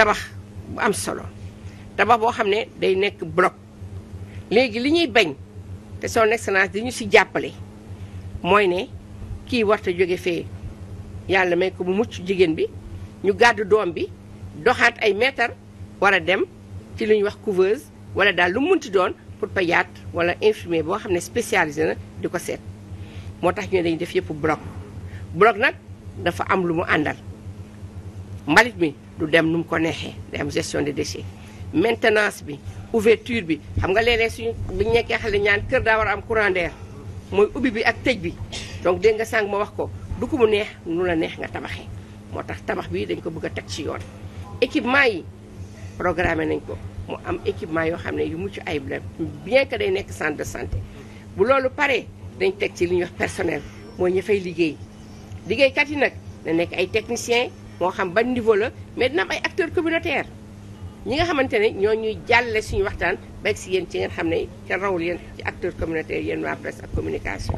tabax bu am solo tabax boo xam ne day nekk bloc léegi li ñuy bañ te son excellence di ñu si jàppale mooy ne kii warta jóge fee yàlla may ko mu mucc jigéen bi ñu gàddu doom bi doxaat ay mètre war a dem ci lu ñuy wax couveuse wala daal lu mu munti doon pour pédiatre wala infirmier boo xam ne spécialisé na di ko seet moo tax ñu dañuy def yëpp bloc bloc nag dafa am lu mu àndal mbalit mi du dem nu mu ko neexee day am gestion des déchets maintenance bi ouverture bi xam nga léeg-léeg suñu bu ñu nekkee xale ñaan kër daa war a am courant d'air mooy ubbi bi ak tëj bi donc dégg nga sànq ma wax ko du ko mu neex nu la neex nga tabaxee moo tax tabax bi dañ ko bugg a teg ci yoon. équipement yi programmé nañ ko mu am équipement yoo xam ne yu mucc ayib la bien que day nekk centre de santé bu loolu paree dañ teg ci li ñuy wax personnel mooy ña fay liggéey liggéeykat yi nag nekk ay techniciens. moo xam ban niveau la mais dina ay acteurs communautaires ñi nga xamante ne ñoo ñuy jàlle suñu waxtaan ba si yéen ci ngeen xam ne ca rawul yéen ci acteur communautaires yéen waa presse ak communication